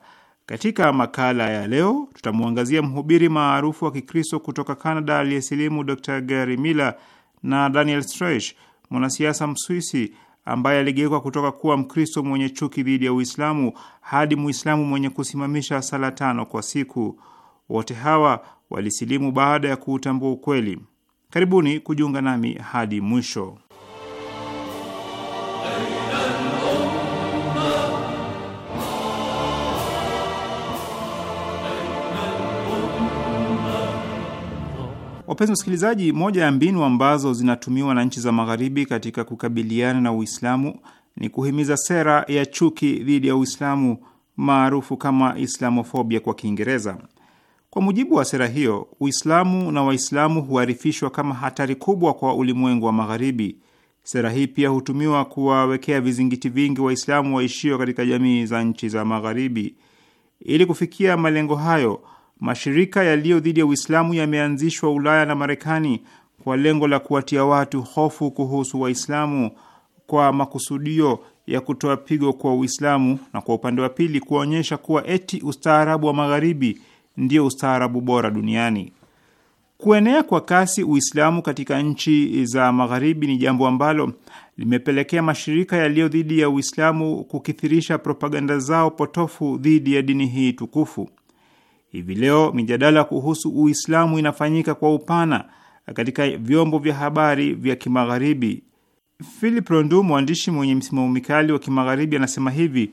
Katika makala ya leo, tutamwangazia mhubiri maarufu wa Kikristo kutoka Canada aliyesilimu Dr Gary Miller na Daniel Streich, mwanasiasa Mswisi ambaye aligeuka kutoka kuwa Mkristo mwenye chuki dhidi ya Uislamu hadi Muislamu mwenye kusimamisha sala tano kwa siku. Wote hawa walisilimu baada ya kuutambua ukweli. Karibuni kujiunga nami hadi mwisho. Wapenzi msikilizaji, moja ya mbinu ambazo zinatumiwa na nchi za Magharibi katika kukabiliana na Uislamu ni kuhimiza sera ya chuki dhidi ya Uislamu maarufu kama Islamofobia kwa Kiingereza. Kwa mujibu wa sera hiyo, Uislamu na Waislamu huarifishwa kama hatari kubwa kwa ulimwengu wa Magharibi. Sera hii pia hutumiwa kuwawekea vizingiti vingi Waislamu waishio katika jamii za nchi za Magharibi. Ili kufikia malengo hayo, mashirika yaliyo dhidi ya Uislamu yameanzishwa Ulaya na Marekani kwa lengo la kuwatia watu hofu kuhusu Waislamu kwa makusudio ya kutoa pigo kwa Uislamu na kwa upande wa pili kuwaonyesha kuwa eti ustaarabu wa Magharibi ndio ustaarabu bora duniani. Kuenea kwa kasi Uislamu katika nchi za Magharibi ni jambo ambalo limepelekea mashirika yaliyo dhidi ya Uislamu kukithirisha propaganda zao potofu dhidi ya dini hii tukufu. Hivi leo mijadala kuhusu Uislamu inafanyika kwa upana katika vyombo vya habari vya Kimagharibi. Philip Rondu, mwandishi mwenye msimamo mikali wa Kimagharibi, anasema hivi: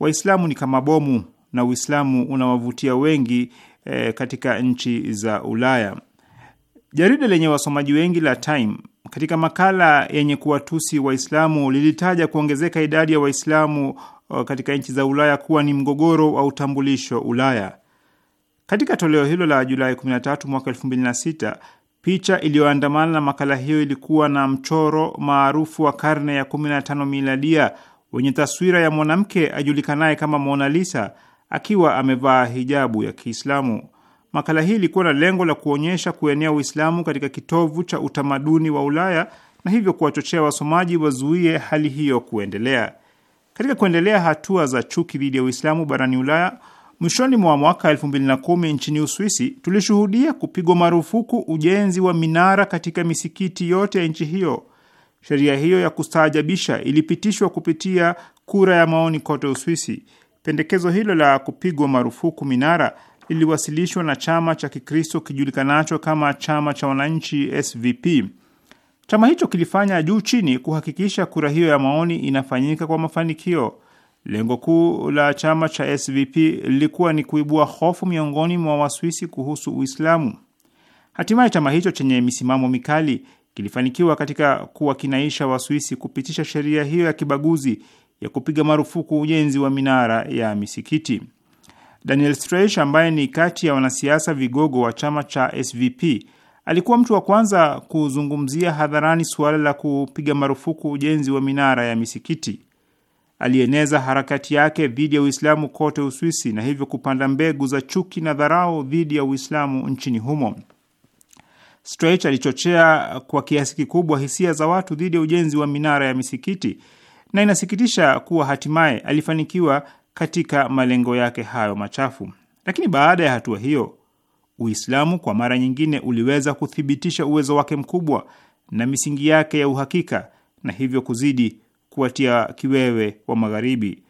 Waislamu ni kama bomu na Uislamu unawavutia wengi e, katika nchi za Ulaya. Jarida lenye wasomaji wengi la Time katika makala yenye kuwatusi Waislamu lilitaja kuongezeka idadi ya Waislamu katika nchi za Ulaya kuwa ni mgogoro wa utambulisho Ulaya. Katika toleo hilo la Julai 13 mwaka 2006, picha iliyoandamana na makala hiyo ilikuwa na mchoro maarufu wa karne ya 15 miladia wenye taswira ya mwanamke ajulikanaye kama Mona Lisa akiwa amevaa hijabu ya Kiislamu. Makala hii ilikuwa na lengo la kuonyesha kuenea Uislamu katika kitovu cha utamaduni wa Ulaya na hivyo kuwachochea wasomaji wazuie hali hiyo kuendelea. Katika kuendelea hatua za chuki dhidi ya Uislamu barani Ulaya, mwishoni mwa mwaka 2010 nchini Uswisi tulishuhudia kupigwa marufuku ujenzi wa minara katika misikiti yote ya nchi hiyo. Sheria hiyo ya kustaajabisha ilipitishwa kupitia kura ya maoni kote Uswisi. Pendekezo hilo la kupigwa marufuku minara liliwasilishwa na chama cha Kikristo kijulikanacho kama chama cha wananchi SVP. Chama hicho kilifanya juu chini kuhakikisha kura hiyo ya maoni inafanyika kwa mafanikio. Lengo kuu la chama cha SVP lilikuwa ni kuibua hofu miongoni mwa Waswisi kuhusu Uislamu. Hatimaye chama hicho chenye misimamo mikali kilifanikiwa katika kuwakinaisha Waswisi kupitisha sheria hiyo ya kibaguzi ya kupiga marufuku ujenzi wa minara ya misikiti. Daniel Streich ambaye ni kati ya wanasiasa vigogo wa chama cha SVP alikuwa mtu wa kwanza kuzungumzia hadharani suala la kupiga marufuku ujenzi wa minara ya misikiti. Alieneza harakati yake dhidi ya Uislamu kote Uswisi na hivyo kupanda mbegu za chuki na dharau dhidi ya Uislamu nchini humo. Streich alichochea kwa kiasi kikubwa hisia za watu dhidi ya ujenzi wa minara ya misikiti na inasikitisha kuwa hatimaye alifanikiwa katika malengo yake hayo machafu. Lakini baada ya hatua hiyo, Uislamu kwa mara nyingine uliweza kuthibitisha uwezo wake mkubwa na misingi yake ya uhakika, na hivyo kuzidi kuwatia kiwewe wa Magharibi.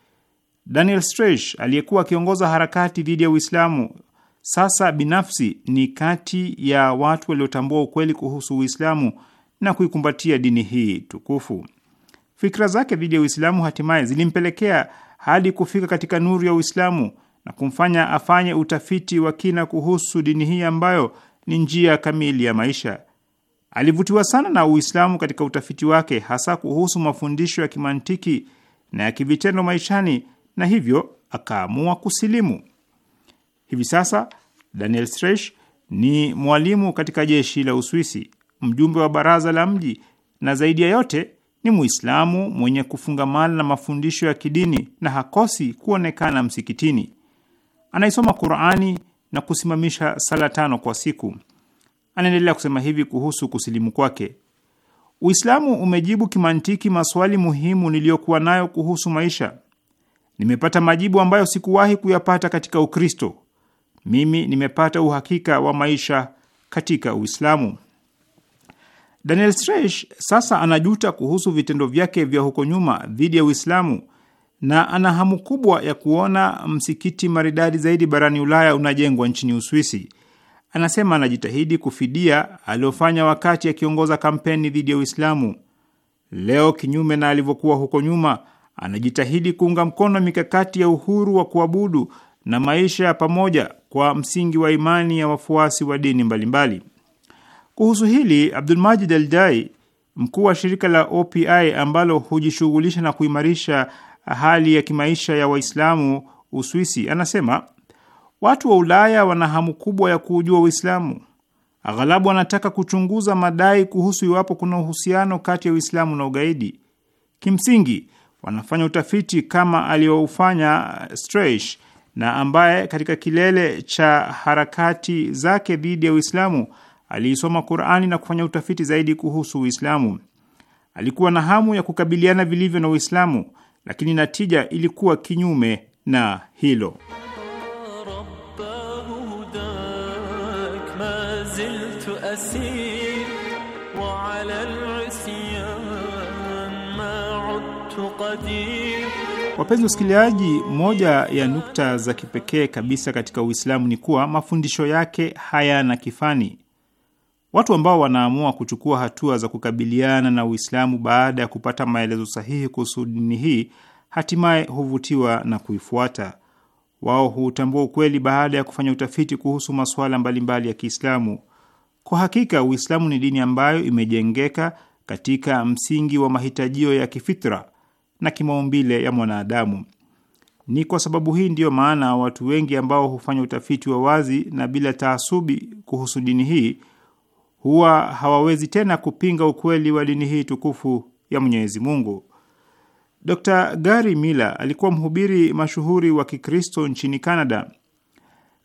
Daniel Streich aliyekuwa akiongoza harakati dhidi ya Uislamu sasa binafsi ni kati ya watu waliotambua ukweli kuhusu Uislamu na kuikumbatia dini hii tukufu. Fikra zake dhidi ya Uislamu hatimaye zilimpelekea hadi kufika katika nuru ya Uislamu na kumfanya afanye utafiti wa kina kuhusu dini hii ambayo ni njia kamili ya maisha. Alivutiwa sana na Uislamu katika utafiti wake, hasa kuhusu mafundisho ya kimantiki na ya kivitendo maishani, na hivyo akaamua kusilimu. Hivi sasa Daniel Streich ni mwalimu katika jeshi la Uswisi, mjumbe wa baraza la mji, na zaidi ya yote ni Muislamu mwenye kufungamana na mafundisho ya kidini na hakosi kuonekana msikitini. Anaisoma Qurani na kusimamisha sala tano kwa siku. Anaendelea kusema hivi kuhusu kusilimu kwake: Uislamu umejibu kimantiki maswali muhimu niliyokuwa nayo kuhusu maisha. Nimepata majibu ambayo sikuwahi kuyapata katika Ukristo. Mimi nimepata uhakika wa maisha katika Uislamu. Daniel Streich sasa anajuta kuhusu vitendo vyake vya huko nyuma dhidi ya Uislamu na ana hamu kubwa ya kuona msikiti maridadi zaidi barani Ulaya unajengwa nchini Uswisi. Anasema anajitahidi kufidia aliyofanya wakati akiongoza kampeni dhidi ya Uislamu. Leo, kinyume na alivyokuwa huko nyuma, anajitahidi kuunga mkono mikakati ya uhuru wa kuabudu na maisha ya pamoja kwa msingi wa imani ya wafuasi wa dini mbalimbali. Kuhusu hili, Abdulmajid Aldai, mkuu wa shirika la OPI ambalo hujishughulisha na kuimarisha hali ya kimaisha ya Waislamu Uswisi, anasema watu wa Ulaya wana hamu kubwa ya kuujua Uislamu. Aghalabu wanataka kuchunguza madai kuhusu iwapo kuna uhusiano kati ya Uislamu na ugaidi. Kimsingi wanafanya utafiti kama aliyoufanya Streich na ambaye katika kilele cha harakati zake dhidi ya Uislamu aliisoma Qurani na kufanya utafiti zaidi kuhusu Uislamu. Alikuwa na hamu ya kukabiliana vilivyo na Uislamu, lakini natija ilikuwa kinyume na hilo. Wapenzi wasikilizaji, moja ya nukta za kipekee kabisa katika Uislamu ni kuwa mafundisho yake hayana kifani. Watu ambao wanaamua kuchukua hatua za kukabiliana na Uislamu baada ya kupata maelezo sahihi kuhusu dini hii hatimaye huvutiwa na kuifuata. Wao huutambua ukweli baada ya kufanya utafiti kuhusu masuala mbalimbali ya Kiislamu. Kwa hakika, Uislamu ni dini ambayo imejengeka katika msingi wa mahitajio ya kifitra na kimaumbile ya mwanadamu. Ni kwa sababu hii ndiyo maana watu wengi ambao hufanya utafiti wa wazi na bila taasubi kuhusu dini hii huwa hawawezi tena kupinga ukweli wa dini hii tukufu ya Mwenyezi Mungu. Dr. Gary Miller alikuwa mhubiri mashuhuri wa Kikristo nchini Canada.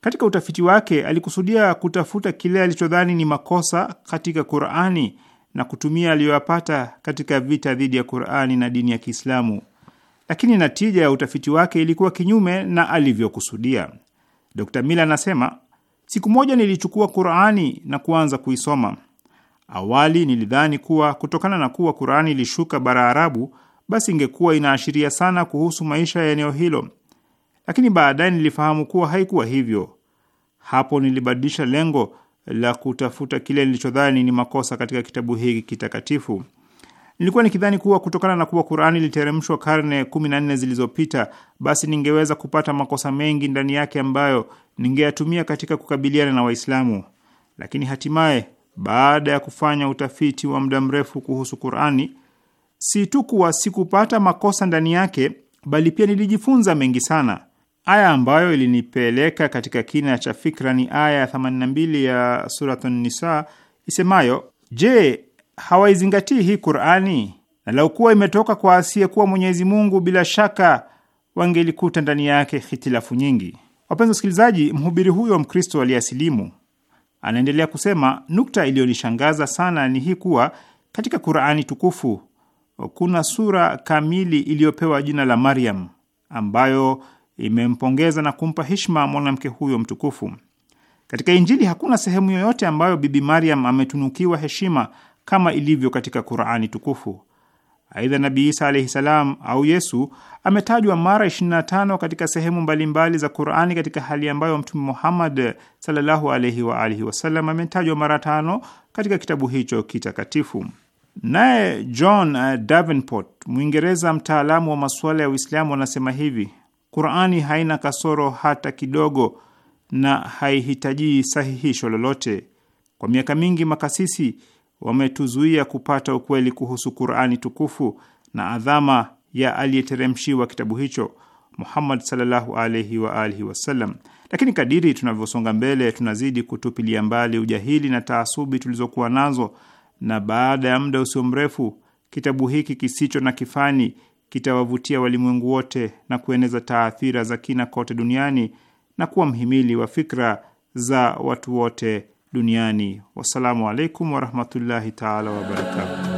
Katika utafiti wake alikusudia kutafuta kile alichodhani ni makosa katika Qur'ani na kutumia aliyoyapata katika vita dhidi ya Qur'ani na dini ya Kiislamu. Lakini natija ya utafiti wake ilikuwa kinyume na alivyokusudia. Dr. Miller anasema Siku moja nilichukua Qurani na kuanza kuisoma. Awali nilidhani kuwa kutokana na kuwa Qurani ilishuka bara Arabu, basi ingekuwa inaashiria sana kuhusu maisha ya eneo hilo, lakini baadaye nilifahamu kuwa haikuwa hivyo. Hapo nilibadilisha lengo la kutafuta kile nilichodhani ni makosa katika kitabu hiki kitakatifu. Nilikuwa nikidhani kuwa kutokana na kuwa Qurani iliteremshwa karne kumi na nne zilizopita, basi ningeweza kupata makosa mengi ndani yake ambayo ningeyatumia katika kukabiliana na Waislamu, lakini hatimaye baada ya kufanya utafiti wa muda mrefu kuhusu Qurani, si tu kuwa sikupata makosa ndani yake, bali pia nilijifunza mengi sana. Aya ambayo ilinipeleka katika kina cha fikra ni aya ya 82 ya Suratun Nisa isemayo: Je, hawaizingatii hii Qur'ani, na lau kuwa imetoka kwa asiyekuwa Mwenyezi Mungu, bila shaka wangelikuta ndani yake hitilafu nyingi. Wapenzi wasikilizaji, mhubiri huyo Mkristo aliyeasilimu anaendelea kusema, nukta iliyonishangaza sana ni hii kuwa katika Qur'ani tukufu kuna sura kamili iliyopewa jina la Maryam ambayo imempongeza na kumpa heshima mwanamke huyo mtukufu. Katika Injili hakuna sehemu yoyote ambayo Bibi Maryam ametunukiwa heshima kama ilivyo katika Qurani tukufu. Aidha, Nabii Isa alaihi salam au Yesu ametajwa mara 25 katika sehemu mbalimbali za Qurani, katika hali ambayo Mtume Muhammad sallallahu alaihi wa alihi wasallam ametajwa mara tano katika kitabu hicho kitakatifu. Naye John uh, Davenport, Mwingereza mtaalamu wa masuala ya Uislamu, anasema hivi: Qurani haina kasoro hata kidogo na haihitaji sahihisho lolote. Kwa miaka mingi makasisi wametuzuia kupata ukweli kuhusu Qurani tukufu na adhama ya aliyeteremshiwa kitabu hicho Muhammad sallallahu alaihi wa alihi wasallam. Lakini kadiri tunavyosonga mbele, tunazidi kutupilia mbali ujahili na taasubi tulizokuwa nazo, na baada ya muda usio mrefu kitabu hiki kisicho na kifani kitawavutia walimwengu wote na kueneza taathira za kina kote duniani na kuwa mhimili wa fikra za watu wote duniani. Wassalamu alaikum warahmatullahi taala wabarakatuh.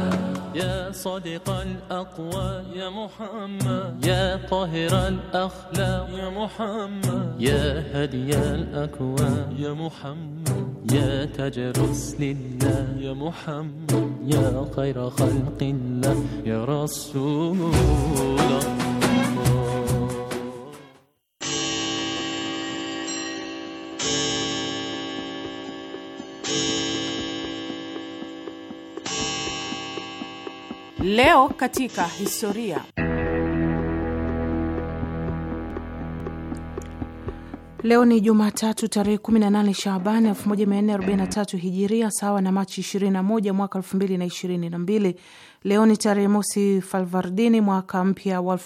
يا صادق الأقوى يا محمد يا طاهر الأخلاق يا محمد يا هدي الأكوان يا محمد يا تاج رسل الله يا محمد يا خير خلق الله يا رسول الله Leo katika historia. Leo ni Jumatatu tarehe 18 Shaabani 1443 Hijiria, sawa na Machi 21 mwaka 2022. Leo ni tarehe mosi Falvardini, mwaka mpya wa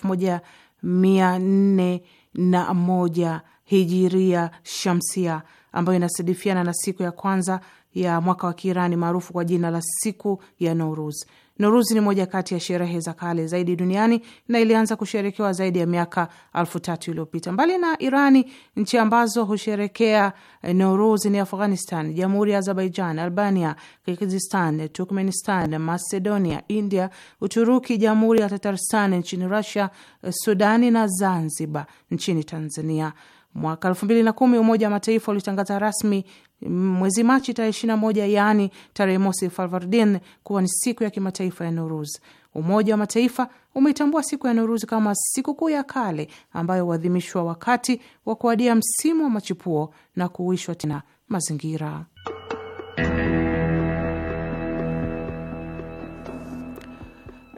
1401 Hijiria Shamsia, ambayo inasadifiana na siku ya kwanza ya mwaka wa Kiirani maarufu kwa jina la siku ya Nowruz. Noruzi ni moja kati ya sherehe za kale zaidi duniani na ilianza kusherekewa zaidi ya miaka alfu tatu iliyopita. Mbali na Irani, nchi ambazo husherekea eh, Noruzi ni Afghanistan, Jamhuri ya Azerbaijan, Albania, Kirgizistan, Turkmenistan, Macedonia, India, Uturuki, Jamhuri ya Tatarstan nchini Rusia, eh, Sudani na Zanzibar nchini Tanzania. Mwaka elfu mbili na kumi Umoja wa Mataifa ulitangaza rasmi mwezi Machi tarehe moja yaani tarehe mosi Farvardin, kuwa ni siku ya kimataifa ya Nuruz. Umoja wa Mataifa umeitambua siku ya Nuruz kama sikukuu ya kale ambayo huadhimishwa wakati wa kuadia msimu wa machipuo na kuuishwa tena mazingira.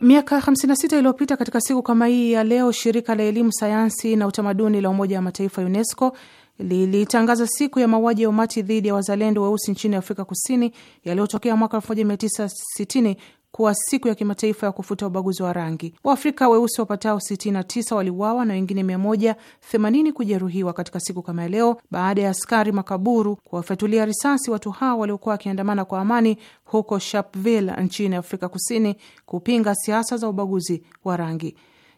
Miaka 56 iliyopita katika siku kama hii ya leo, shirika la elimu, sayansi na utamaduni la Umoja wa Mataifa, UNESCO lilitangaza siku ya mauaji ya umati dhidi ya wazalendo weusi nchini Afrika Kusini yaliyotokea mwaka 1960 kuwa siku ya kimataifa ya kufuta ubaguzi wa rangi. Waafrika weusi wapatao 69 waliuawa na wengine 180 kujeruhiwa katika siku kama ya leo, baada ya askari makaburu kuwafyatulia risasi watu hao waliokuwa wakiandamana kwa amani huko Sharpeville nchini Afrika Kusini kupinga siasa za ubaguzi wa rangi.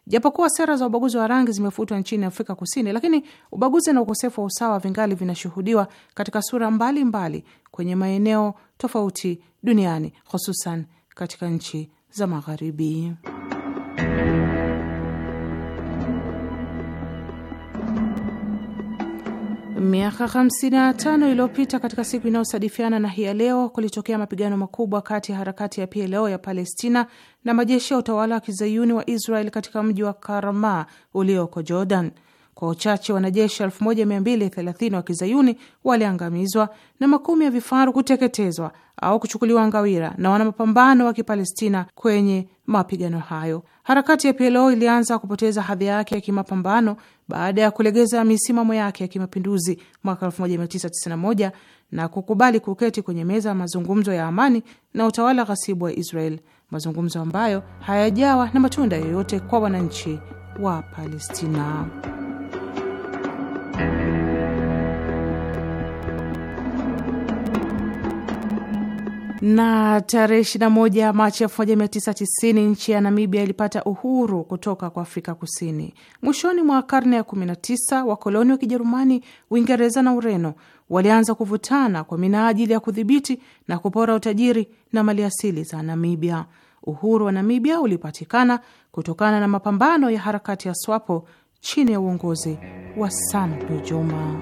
Japokuwa sera za ubaguzi wa rangi zimefutwa nchini Afrika Kusini, lakini ubaguzi na ukosefu wa usawa vingali vinashuhudiwa katika sura mbalimbali mbali kwenye maeneo tofauti duniani, hususan katika nchi za Magharibi. Miaka 55 iliyopita katika siku inayosadifiana na hii ya leo, kulitokea mapigano makubwa kati ya harakati ya PLO ya Palestina na majeshi ya utawala wa kizayuni wa Israel katika mji wa Karama ulioko Jordan. Kwa uchache wanajeshi 1230 wa kizayuni waliangamizwa na makumi ya vifaru kuteketezwa au kuchukuliwa ngawira na wanamapambano wa Kipalestina kwenye mapigano hayo. Harakati ya PLO ilianza kupoteza hadhi yake ya kimapambano baada ya kulegeza misimamo yake ya kimapinduzi mwaka 1991 na kukubali kuketi kwenye meza ya mazungumzo ya amani na utawala ghasibu wa Israel, mazungumzo ambayo hayajawa na matunda yoyote kwa wananchi wa Palestina. na tarehe 21 Machi 1990 nchi ya Namibia ilipata uhuru kutoka kwa Afrika Kusini. Mwishoni mwa karne ya 19, wakoloni wa Kijerumani, Uingereza na Ureno walianza kuvutana kwa minajili ya kudhibiti na kupora utajiri na maliasili za Namibia. Uhuru wa Namibia ulipatikana kutokana na mapambano ya harakati ya SWAPO chini ya uongozi wa Sam Nujoma.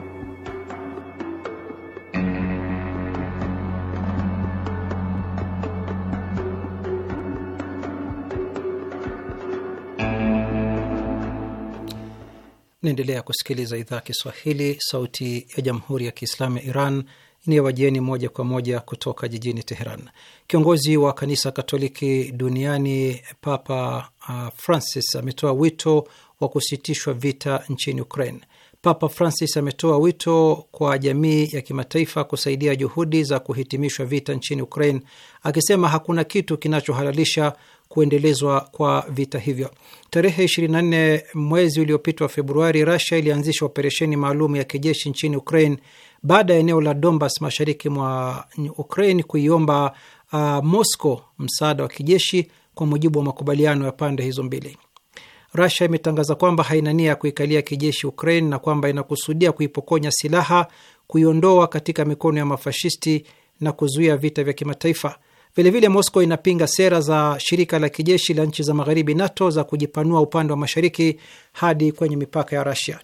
Naendelea kusikiliza idhaa Kiswahili sauti ya jamhuri ya Kiislamu ya Iran inayowajieni moja kwa moja kutoka jijini Teheran. Kiongozi wa kanisa Katoliki duniani Papa uh, Francis ametoa wito wa kusitishwa vita nchini Ukraine. Papa Francis ametoa wito kwa jamii ya kimataifa kusaidia juhudi za kuhitimishwa vita nchini Ukraine, akisema hakuna kitu kinachohalalisha kuendelezwa kwa vita hivyo. Tarehe 24 mwezi uliopitwa Februari, Rusia ilianzisha operesheni maalum ya kijeshi nchini Ukraine baada ya eneo la Donbas mashariki mwa Ukraine kuiomba uh, Moscow msaada wa kijeshi kwa mujibu wa makubaliano ya pande hizo mbili. Rusia imetangaza kwamba haina nia ya kuikalia kijeshi Ukraine na kwamba inakusudia kuipokonya silaha, kuiondoa katika mikono ya mafashisti na kuzuia vita vya kimataifa. Vilevile Moscow inapinga sera za shirika la kijeshi la nchi za magharibi NATO za kujipanua upande wa mashariki hadi kwenye mipaka ya rasia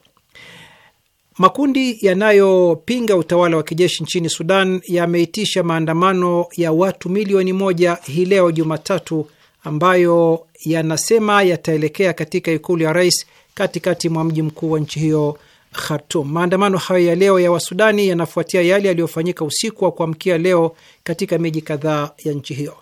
Makundi yanayopinga utawala wa kijeshi nchini Sudan yameitisha maandamano ya watu milioni moja hii leo Jumatatu, ambayo yanasema yataelekea katika ikulu ya rais katikati mwa mji mkuu wa nchi hiyo Khartum. Maandamano hayo ya leo ya Wasudani yanafuatia yale yaliyofanyika usiku wa kuamkia leo katika miji kadhaa ya nchi hiyo.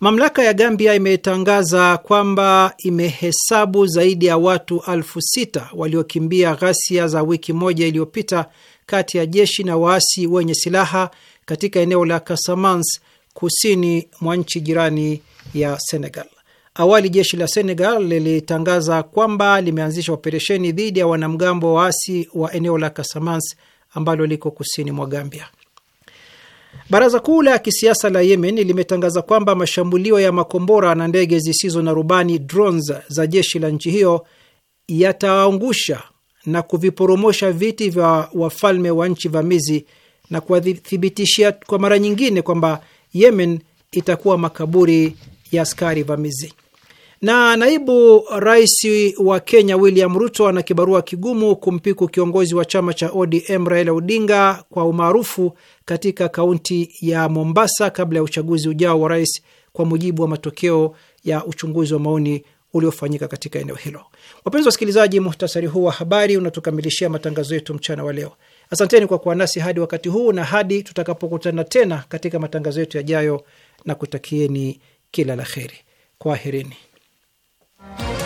Mamlaka ya Gambia imetangaza kwamba imehesabu zaidi ya watu elfu sita waliokimbia ghasia za wiki moja iliyopita kati ya jeshi na waasi wenye silaha katika eneo la Casamance kusini mwa nchi jirani ya Senegal. Awali jeshi la Senegal lilitangaza kwamba limeanzisha operesheni dhidi ya wanamgambo waasi wa eneo la Casamance ambalo liko kusini mwa Gambia. Baraza kuu la kisiasa la Yemen limetangaza kwamba mashambulio ya makombora na ndege zisizo na rubani drones za jeshi la nchi hiyo yataangusha na kuviporomosha viti vya wafalme wa nchi vamizi na kuwathibitishia kwa mara nyingine kwamba Yemen itakuwa makaburi ya askari vamizi. Na naibu rais wa Kenya William Ruto ana kibarua kigumu kumpiku kiongozi wa chama cha ODM Raila Odinga kwa umaarufu katika kaunti ya Mombasa kabla ya uchaguzi ujao wa rais, kwa mujibu wa matokeo ya uchunguzi wa maoni uliofanyika katika eneo hilo. Wapenzi wasikilizaji, muhtasari huu wa habari unatukamilishia matangazo yetu mchana wa leo. Asanteni kwa kuwa nasi hadi wakati huu na hadi tutakapokutana tena katika matangazo yetu yajayo, na kutakieni kila la heri. Kwaherini. Thank you.